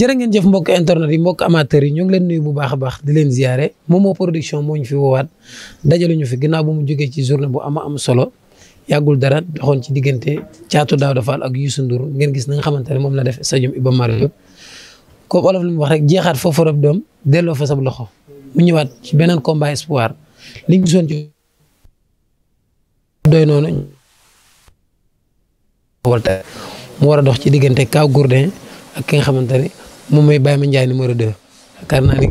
jërë ngeen jëf mbokk internet yi mbokk amateurs yi ñu ngi leen nuyu bu baax a baax di leen ziare Momo production moo ñu fi woowaat dajale ñu fi ginnaaw bu mu jógee ci journée bu ama am solo yàggul dara doxoon ci diggante Thiatou Daouda Fall ak Youssou Ndour ngeen gis na nga xamante ne moom la def stadium Iba Mar Diop li mu wax rek jeexaat foofu rek doom delloo fa sab loxo mu ñëwaat ci beneen combat espoir liñ gisoon ci doy noonu mu war a dox ci diggante Kaw Gourdin ak ki nga xamante ne moom mooy Baye Mandiaye numéro 2. a naa ni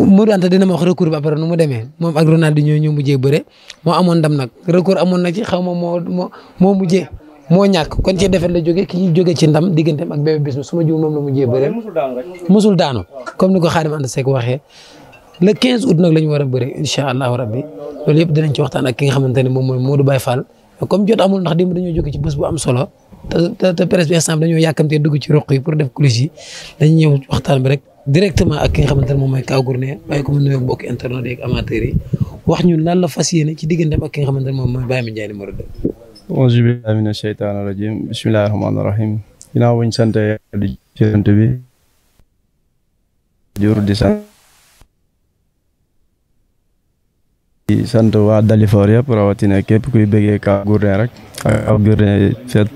Modou Anta dina ma wax recours bi après nu mu demee moom ak Ronaldinho ñoo mujjee bëre moo amoon ndam nag recours amoon na ci xaw ma moo moo moo mujjee moo ñàkk kon ci defet la jógee ki ñu ci ndam digganteem ak Bébé Bismi su ma jiw moom la mujjee bëre. musul daanu comme ni ko Khadim Anta Seck waxee. le nag la ñu war a bëri incha allahu rabbi loolu yëpp dinañ ci waxtaan ki nga xamante ne moom mooy Modou Baye Fall comme jot amul ndax dem dañoo jóge ci bés bu am solo te te presse bi instant bi dañoo yàkkamtee dugg ci roq yi pour def coulisse yi dañu ñëw waxtaan bi rek directement ak ki nga xamante ne moom mooy Kaw Gourdin bàyyi ko mu nuyoog mbokki internet yi ak wax ñu lan la fas yéene ci digganteem ak ki nga xamante ne moom mooy Baye Mandiaye numéro 2. auzu billahi mina shaytaani rajim bismillahi rahmaani rahim ginnaaw buñ sant di jërënt bi jur di sant di sant waa Dalifort yëpp rawatina képp kuy bëggee Kaw Gourdin rek Kaw Gourdin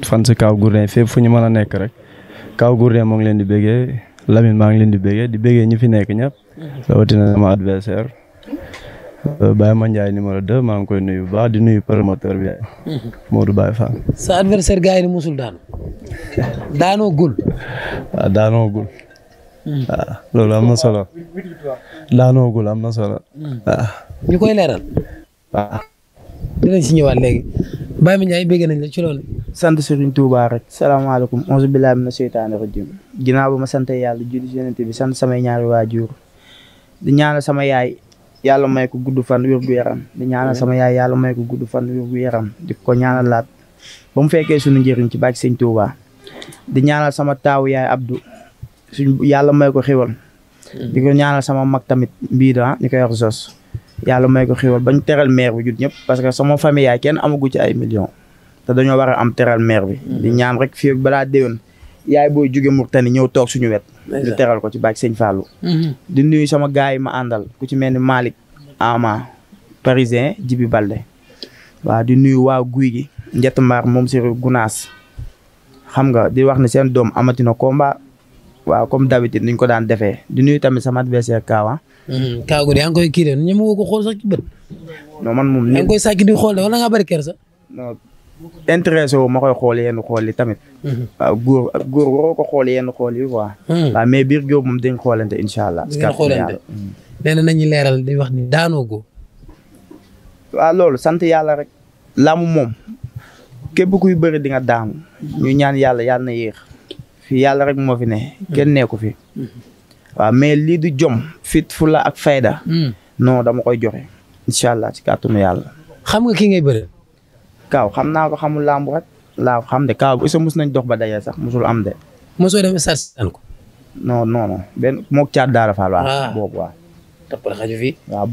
fan si Kaw Gourdin fépp fu ñu mën a nekk rek Kaw Gourdin moo ngi leen di bëggee Lamine maa ngi leen di bëggee di bëggee ñu fi nekk ñëpp rawatina sama adversaire euh, Baye Mandiaye numéro 2 maa ngi koy nuyu bu di nuyu promoteur bi Modou Baye Fall. sa adversaire gars yi musul daanu daanoo gul. Ah, daanoo gul. Hmm. Ah, loolu am solo. daanoogul am na solo. waaw. koy leeral. waaw. Ah. dinañ si ñëwaat léegi. Baye Mandiaye bégg nañ la ci loolu. sant Serigne Touba rek salaamaaleykum onze billahi mina seytaani rajim ginnaaw ba ma sant yàlla julli si yonent bi sant samay ñaari waajur di ñaanal sama yaay yàlla may ko gudd fan wér gu di ñaanal sama yaay yàlla may ko gudd fan wér gu yaram di ko ñaanal laat ba mu fekkee suñu njëriñ ci bàcc Serigne Touba di ñaanal sama taawu yaay Abdou suñ yàlla may ko xéwal Mm-hmm. di ko ñaanal sama mag tamit mbii da ñu koy wax Zos. yàlla may ko xiiwal bañ teral maire bi jut ñëpp parce que sama famille yaay kenn amagu ci ay millions te dañoo war a am teral maire bi. Mm-hmm. di ñaan rek fii balaa déwén. yaay booy jóge Mourtani ñëw toog suñu wet. ñu teral ko ci baaj sëñ Fallou. Mm-hmm. di nuyu sama gars ma àndal ku ci mel ni Malick Parisien Jibi Balde. waaw di nuyu waa guy gi. Njett Mbaar moom si Gunaas. xam nga di wax ne seen doom amatina combat waaw comme d'habitude ñu ko daan defee di tamit sama adversaire Kaawa. Hmm, Kaagu de yaa ngi koy kii de ñoom woo ko xool sax ci bët. non moom. yaa di xool de wala ngaa bëri kersa. ma koy xool yenn xool yi tamit. Hmm. waaw góor góor ko xool yenn xool yi hmm. waaw mais biir góor moom dañ xoolante incha allah. dañ xoolante nee na nañu leeral di wax ni daanoo góor. waaw loolu sant yàlla rek. làmb moom képp kuy bëri di daanu. ñu ñaan yàlla yàlla na yéex. fii yàlla rek moo fi ne kenn neeku fi mm-hmm. waaw mais lii du jom fit fula ak fayda mm. non dama koy joxe incha allah ci kàttanu yàlla xam nga kii ngay bëre kaaw xam naa ko xamul làmb rek laa xam de kaaw bu isa nañ dox ba dajee sax musul am de mosoo dem saan ko non non benn moog caat daara faal waaw ah. boobu waaw tapal xaju fi waaw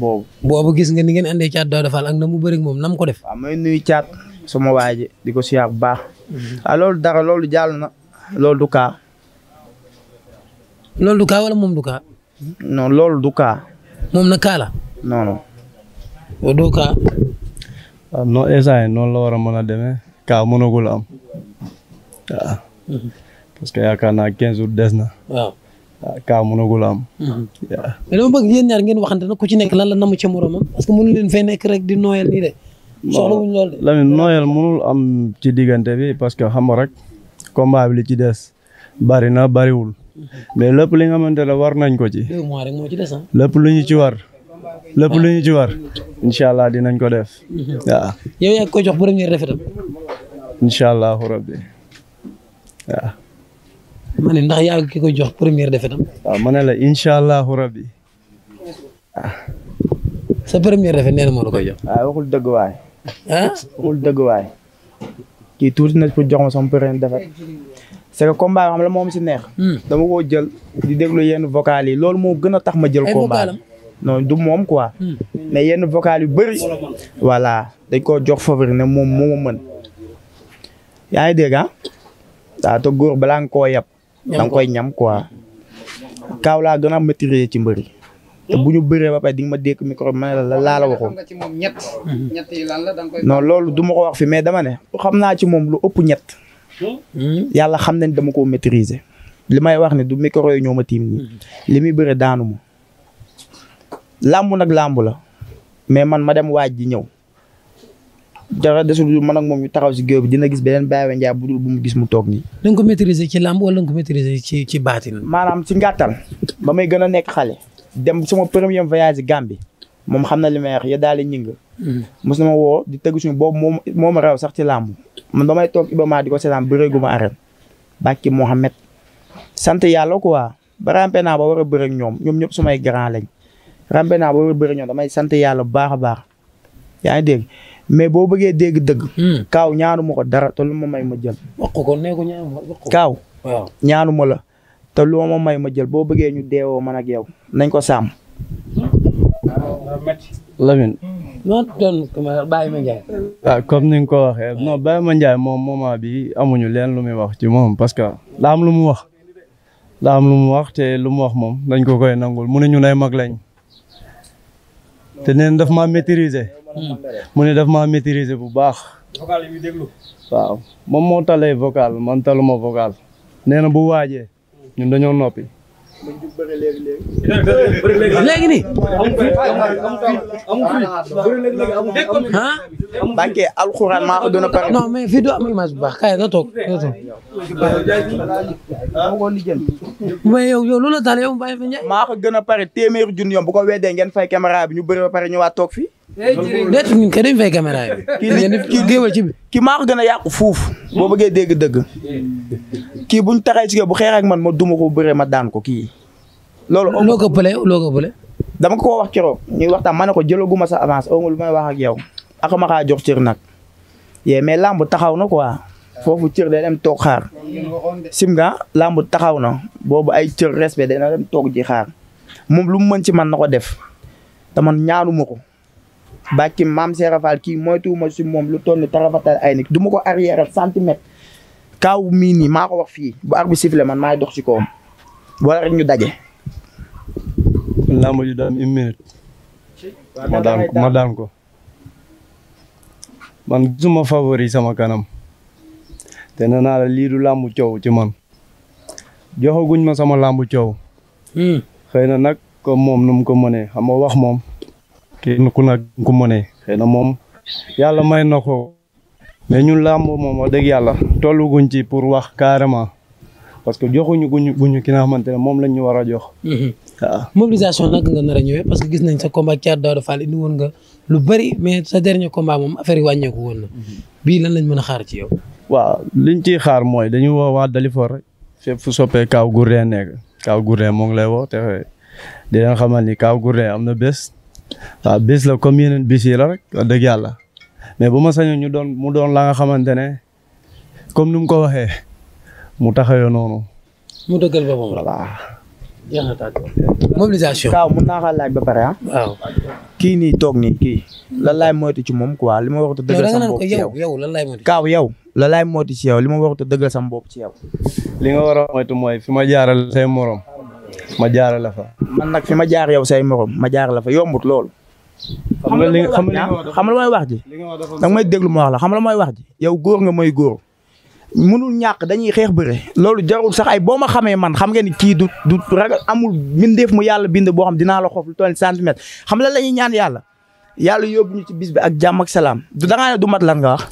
boobu gis nga ni ngeen andee caat daara faal ak na mu bëri moom nam ko def waaw nuyu caat sama waay ji di ko siyaar baax waaw mm-hmm. ah, loolu dara loolu jàll na loolu du kaa. loolu du wala moom du kaa. non loolu du kaa. moom na kaa la. non non. du kaa. Ah, waaw non instant noonu la war a mën a demee kaa mënagul am waaw. parce naa quinze jours des na. waaw. kaa ah, mënagul am. Mhm. mais dama bëgg yéen ñaar ngeen waxante nag ku ci nekk lan la namu ca moromam parce que leen fay nekk rek di nooyal nii de. soxlawuñ loolu de. Lamine am ci diggante bi parce que xam nga rek. combat bi li ci des bari na bariwul mais lépp li nga xamante ne war nañ ko ci. deux mois rek moo ci des lépp lu ñu ci war. lépp lu ñu ci ah. allah dinañ ko def. Mm-hmm. waaw. yow yaa ko jox premier rafetam. incha allahu rabbi ndax yaa ki ko jox premier rafetam. waaw ma ne la incha allahu rabbi. Ah. sa premier rafet nee na moo koy jox. ah waxul dëgg waay. Ah? dëgg waay. kii tuuti na pour jox ma sama première défaite c'est que combat xam la moom si neex. Hmm. dama koo jël di déglu yenn vocal yi loolu moo gën a tax ma jël. combat non du moom quoi. Hmm. mais yenn vocal yu bëri. voilà dañ koo jox favori ne moom moom ma mën. yaa ngi dégg ah. daa góor balaa nga koo yab. da koy ñam quoi. kaaw laa gën a maîtriser ci mbëri. te bu ñu bëree ba pare di nga ma dékk micro ma ne la laa la waxoon. non loolu du ma ko wax fi mais dama ne. xam naa ci moom lu ëpp ñett. Hmm? yàlla xam nañ dama ko maîtriser. li may wax ne du micro yi ñoo ma tiim nii. Hmm. li muy bëre daanu ma. làmb nag làmbu la. mais man ma dem waaj ji ñëw. de dara desul ma ak moom ñu taxaw si géew bi dina gis beneen Baye Ndiaye bu dul bu mu gis mu toog nii. da nga ko maîtriser ci làmb wala nga ko maîtriser ci ci baatin. maanaam ci ngàttal. ba may gën a nekk xale. dem sama premier voyage Gambie moom xam na li may wax ya daal di ñing hmm. mos na ma woo di tëgg suñu boobu moom ma raw sax ci làmb man ba may toog Ibama di ko seetaan bëreegu ma arène sant yàlla quoi ba rampe naa ba war a bëre ak ñoom ñoom ñëpp sumay grand lañ rampe naa a bëre ñoom damay bu baax a baax yaa ngi dégg mais boo bëggee dégg dëgg. Hmm. kaaw ñaanu ma ko dara te ma may ma jël. wax ñaanu ma la. te loo ma may ma jël boo bëggee ñu deewoo man ak yow nañ ko sàmm. Lamine. non non Baye ah, comme ni nga ko waxee non Baye Mandiaye moom moment bi amuñu leen lu muy wax ci moom parce que daa lu mu wax. daa am lu mu wax te lu wax moom dañ ko koy nangul mu ne ñu nay mag lañ. te neen daf ma maîtriser. mu ne daf maa maîtriser bu baax. vocal moom moo talee vocal man taluma vocal. nee bu waajee. ñun dañoo noppi. léegi nii. ah. Mbacke alxuraan maa ko doon pare. non mais fii du am image bu baax kaay nga toog nga toog. mais yow yow loolu la daal yow Mbaye Ndiaye. maa ko gën a pare téeméeri junni yoom bu ko weddee ngeen fay caméra bi ñu bëri ba pare ñëwaat toog fii. déet ñun kay dañ fay caméra yi. kii géewal ci bi kii maa ko gën a yàqu fuuf. boo bëggee dégg dëgg. kii buñ taxee ci bu xeex ak man ma duma ko bëree ma daan ko kii. loolu loo ko pële loo ko pële dama ko wax keroog ñuy waxtaan ma ne ko jëlaguma sa avance aw ma lu may wax ak yow. ak ma kaa jox cër nag. yee mais làmb taxaw na quoi. foofu cër day dem toog xaar. sim nga làmb taxaw na boobu ay cër respect dana dem toog ji xaar moom lu mu mën ci man na ko def man ñaanuma ko. bàcci maam Seera Fall kii moytuwuma si moom lu toll ni tarafatal ay nit du ma ko arrière centimètre kaaw mii nii maa wax fii bu arbitre bi sifflé man maay dox si kawam wala rek ñu daje. làmb ji ma ko ma daan ko. man gisuma favori sama kanam. te na naa la lii du làmb coow ci man. joxaguñ ma sama làmb coow. Hmm. xëy na nag comme moom nu mu ko mënee xam wax moom. kenn ku nag ku mënee na moom yàlla may na ko mais ñun làmb moom wax dëgg yàlla tollu ci pour wax carrément parce que joxuñu guñu guñu ki nga xamante ne moom lañ ñu war a jox. Mhm. waaw mobilisation nag nga nar a ñëwee parce que gis nañ sa combat Thiatou Daouda Fall indi woon nga lu bari mais sa dernier combat moom affaire yi wàññeeku woon na. Mhm. bii lan lañ mën a xaar ci yow. waaw liñ ciy xaar mooy dañuy woo waa Dalifor fépp fu soppee kaw Gourdin nekk Kaaw Gourdin moo lay woo te di leen xamal ni Kaaw Gourdin am na bés. waaw bis la comme yeneen bis yi la rek wax dëgg yàlla mais bu ma sañoon ñu doon mu doon la nga xamante ne comme ni mu ko waxee mu taxawee noonu. mu dëggal boppam voilà. mobilisation. Kaaw mun naa laaj ba pare ah. kii nii toog nii kii. lan laay moytu ci moom quoi li ma wax te dëggal lan laay moytu. yow lan laay moytu li ma wax te dëggal sama bopp ci yow. li nga war a moytu mooy fi ma jaaral say morom. ma jaar la fa. man nag fi ma jaar yow say morom ma jaar la fa yombut loolu. xam nga li xam nga mooy wax ji. da nga may déglu ma la xam nga mooy wax ji. yow góor nga mooy góor. mënul ñàkk dañuy xeex bëre. loolu jarul sax ay boo ma xamee man xam nga ni kii du du ragal amul mbindeef mu yàlla bind boo xam dinaa la xof lu toll centimètre xam la la ñuy ñaan yàlla. yàlla yóbbu ñu ci bis bi ak jàmm ak salaam du da du mat lan nga wax.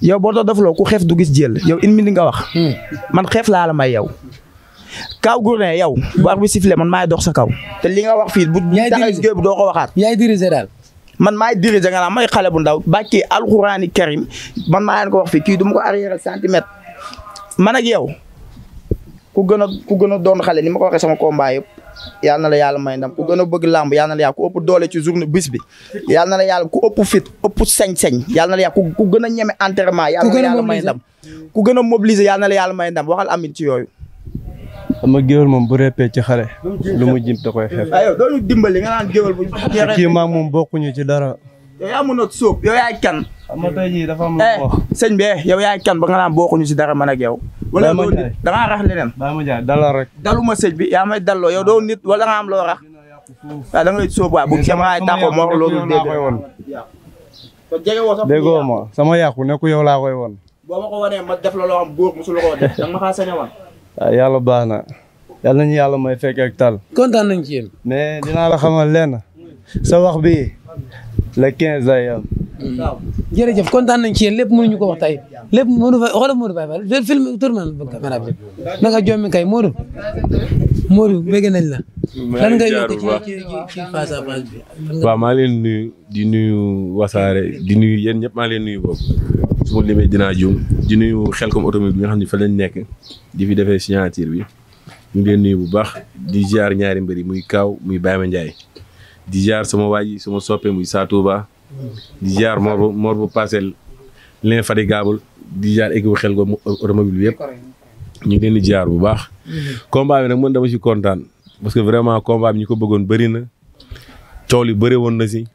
yow boo doon defloo ku xeef du gis jël yow une minute nga wax. Hmm. man xeef laa la may Kaw Gourdin yow. bu wax bi sifflé man maay dox sa kaw. te li nga wax fii bu. yaay diriger taxaw doo ko waxaat. yaay diriger daal. man maay diriger nga naan may xale bu ndaw. baa bàkkee alxuraani karim man maa leen ko wax fii kii du mu ko arrière centimètre. man ak yow ku gën a ku gën a doon xale ni ma ko waxee sama combat yëpp. yàlla na la yàlla may ndam ku gën a bëgg làmb yaa na la yàlla ku ëpp doole ci journée bis bi yàlla na la yàlla ku ëpp fit ëpp sañ-sañ yàlla na la yàlla ku gën a ñeme entraînement yàlla na la yàlla may ndam ku gën a mobiliser yàlla na la yàlla may ndam waxal amin ci yooyu xam nga géwél moom bu reppee ci xare lu mu jim da koy xeeb ah, dimbali nga naan géwél bu kii maa moom bokkuñu ci dara yow yaa mën a sóob yow yaay kan xam nga tey jii dafa am eh, sëñ bi eh, yow yaay kan ba nga naan bokkuñu ci dara man ak yow wala doo nit da ma jaay dalal rek bi yaa may dalloo yow doo nit wala nga am loo rax waaw ah, da ngay sóob waaw bu camaraay tàqoo moo loolu dégg koy woon déggoo ma sama yàqu nekku yow laa koy woon boo ma ko wanee ma def la loo am góor mosu la koo def da nga ma xaa sañ a wan Ah, yàlla baax na yàlla nañu yàlla may fekk ak tal. kontaan nañ ci yéen. mais dinaa la xamal lenn sa wax bi le quinze lay am. jërëjëf kontaan nañ ci yéen lépp ñu ko wax tey lépp Modou Faye fa Modou na caméra bi kay Modou Modou bëgg nañ la. lan ngay waaw maa leen nuyu di nuyu wasaare di nuyu yéen ñëpp maa leen nuyu boobu su limee dinaa juum di nuyu Khelcom automobile bi nga xam ne fa lañ nekk di fi defee signature bi ñu ngi leen nuyu bu baax di jaar ñaari mbër muy Kaaw muy Baye Mandiaye di jaar suma waa suma soppee soppe muy Saa Touba di jaar moor bu moor bu parcelle l'infatigable di jaar équipe xel go automobile bi yëpp ñu ngi di jaar bu baax. combat bi nag man dama ci kontaan parce que vraiment combat bi ñu ko bëggoon bëri na coow li bëri woon na si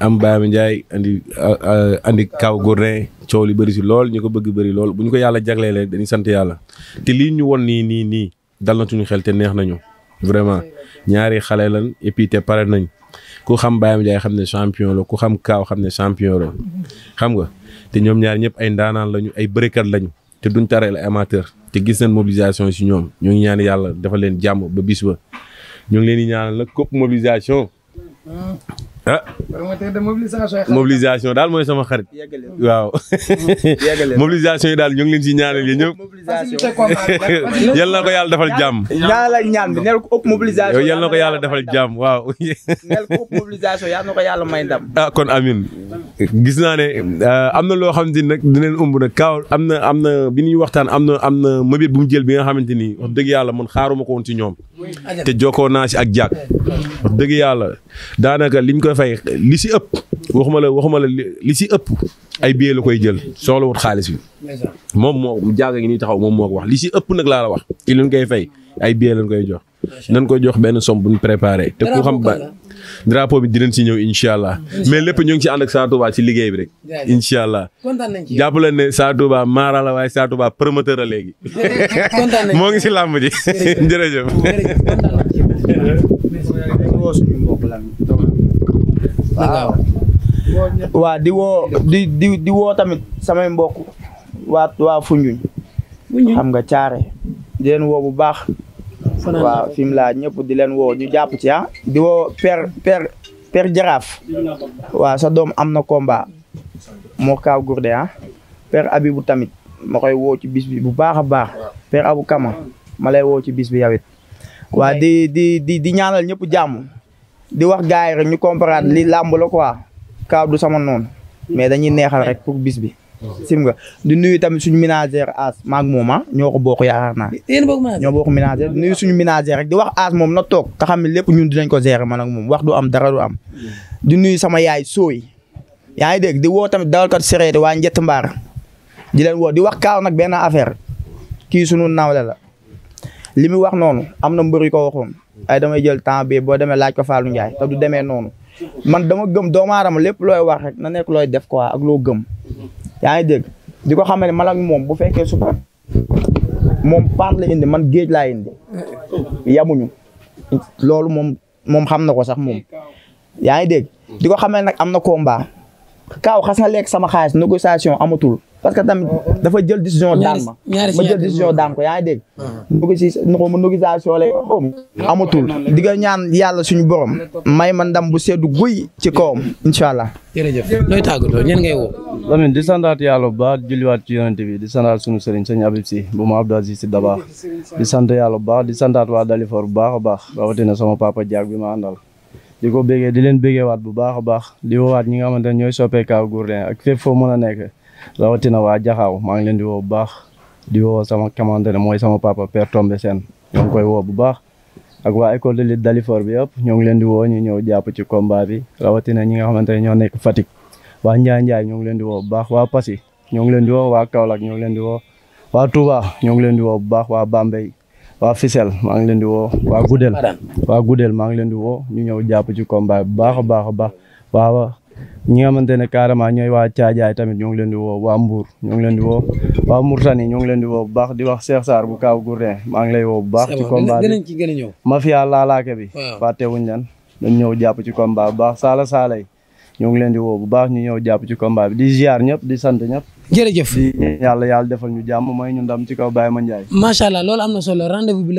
am Baye Ndiaye andi euh, andi kaw Gourdin coow li bëri si lool ñu ko bëgg bëri lool bu ñu ko yàlla jaglelee dañuy sant yàlla te lii ñu woon nii nii nii dal na suñu xel te neex nañu vraiment ñaari xale lan et te pare nañ. ku xam Baye Mandiaye xam ne champion la ku xam Kaaw xam ne champion xam nga te ñoom ñaar ñëpp ay ndaanaan lañu ay bërekat lañu te duñ tareel la amateur te gis nañ mobilisation si ñoom ñu ngi ñaan yàlla dafa leen jàmm ba bis ba ñu ngi leen di ñaanal nag coop mobilisation. ah. mobilisation mobilisation daal mooy sama xarit. waaw. mobilisation yi daal ñu ngi leen si ñaanal yéen ñëpp. yal na ko yàlla defal jàmm. ñaala ñaan bi neel ko ëpp ko yàlla defal jàmm waaw. neel ko ëpp yàlla may ndam. a ah, kon amin gis naa ne ah, am na loo xamante ni nag dinañ umb na kaaw am na am na bi ñuy waxtaan am na am na mëbét bu jël bi nga xamante ni wax dëgg yàlla mun xaaruma ko woon si ñoom. te jokkoo naa ak jàkk. wax dëgg yàlla daanaka liñ ko fay li si ëpp waxuma la waxuma la li si ëpp ay billet la koy jël soxla wut xaalis bi moom moo jaaga ngi nii taxaw moom moo ko wax li si ëpp nag laa la wax ci li ñu koy fay ay la lañ koy jox nañ koy jox benn somme bu ñu préparé te ku xam ba drapeau bi dinañ si ñëw incha allah mais lépp ñu ngi si ànd ak Saa Touba si liggéey bi rek incha allah jàpp leen ne Saa maarala maara la waaye Saa Touba promoteur a léegi moo ngi si làmb ji jërëjëf waaw waa di woo di di di woo tamit samay mbokk waa waa Foundiougne xam nga caare di leen woo bu baax waaw fi laa ñëpp di leen woo ñu jàpp ci ah di woo père père jaraaf waaw sa doom am na komba moo kaaw gourde ah père abibu tamit ma koy woo ci bis bi bu baax a baax père abu kama ma lay woo ci bis bi yawit waa di ñaanal ñëpp jàmm di wax gars yi rek ñu comprendre li làmb la quoi Kaaw du sama noonu mais dañuy neexal rek pour bis bi. sim nga di nuyu tamit suñu ménagère As maak moom ah ñoo ko bokk yaakaar naa. yéen bokk ménagère ñoo bokk ménagère suñu ménagère rek di wax As moom na toog. te xam ne lépp ñun ko gérer ma ak moom wax du am dara du am. di nuyu sama yaay sooy. yaa ngi dégg di woo tamit dawalkat sereet waa njett mbaar di leen woo di wax Kaaw nag benn affaire kii sunu nawle la. li mu wax noonu am na mbër yu ko waxoon ay damay jël temps bi boo demee laaj ko Fallou Ndiaye te du demee noonu man dama gëm doomu aadama lépp looy wax rek na nekk looy def quoi ak loo gëm. yaa ngi dégg di ko xam ne man moom bu fekkee suba moom paat la indi man géej laa indi yamuñu loolu moom moom xam na ko sax moom. yaa ngi dégg di ko xamee nag am na combat kaaw xas na lekk sama xaalis négociation amatul. parce que tamit oh, oh. dafa jël décision daan ma ma jël décision daan ko yaa ngi dégg ah. nogi si noxoma nogisation lay om amatul di nga ñaan yàlla suñu borom may ma ndam bu seddu guy ci kawam incha allah jërëjëf looy tàggatoo ñeen ngay woo Lamine di santaat yàlla bu baax julliwaat ci yonent bi di santaat suñu sëriñ sëñ Abib si bu ma Abdou Aziz si Dabaax di sant yàlla bu baax di santaat waa Dalifor bu baax a baax rawatina sama papa Diak bi ma àndal di ko bégee di leen bégee waat bu baax a baax di woowaat ñi nga xamante ne ñooy soppee Kaw Gourdin a nekk rawatina waa jaxaaw maa ngi leen di woo bu baax di woo sama commande ne mooy sama papa Père Tombe Sène ñoo ngi koy woo bu baax ak waa école de lutte Dalifort bi yëpp ñoo ngi leen di woo ñu ñëw jàpp ci combat bi rawatina ñi nga xamante ne ñoo nekk Fatick waa Njaay ñoo ngi leen di woo bu baax waa Passy ñoo ngi leen di woo waa Kaolack ñoo ngi leen di woo waa Touba ñoo ngi leen di woo bu baax waa Bambey waa Fissel maa ngi leen di woo waa Goudel waa Goudel maa ngi leen di woo ñu ñëw jàpp ci combat bu baax a baax a baax waa ñi nga xamante ne carrément ñooy waa Caajaay tamit ñoo ngi leen di woo waa di woo waa Mourtani ñoo ngi leen di woo bu baax di wax Cheikh Sarr bu Kaaw Gourdin a ñëw. mafia laalaake bi. waaw fàttewuñ leen dañ ñëw jàpp ci combat bu baax saala saala yi ñoo ngi leen di woo bu baax ñu ñëw jàpp ci combat bi di ziar ñëpp di sant ñëpp. jërëjëf di yàlla yàlla defal ñu jàmm mooy ñu ndam ci kaw Baye Ma Ndiaye. macha allah loolu am na solo rendez-vous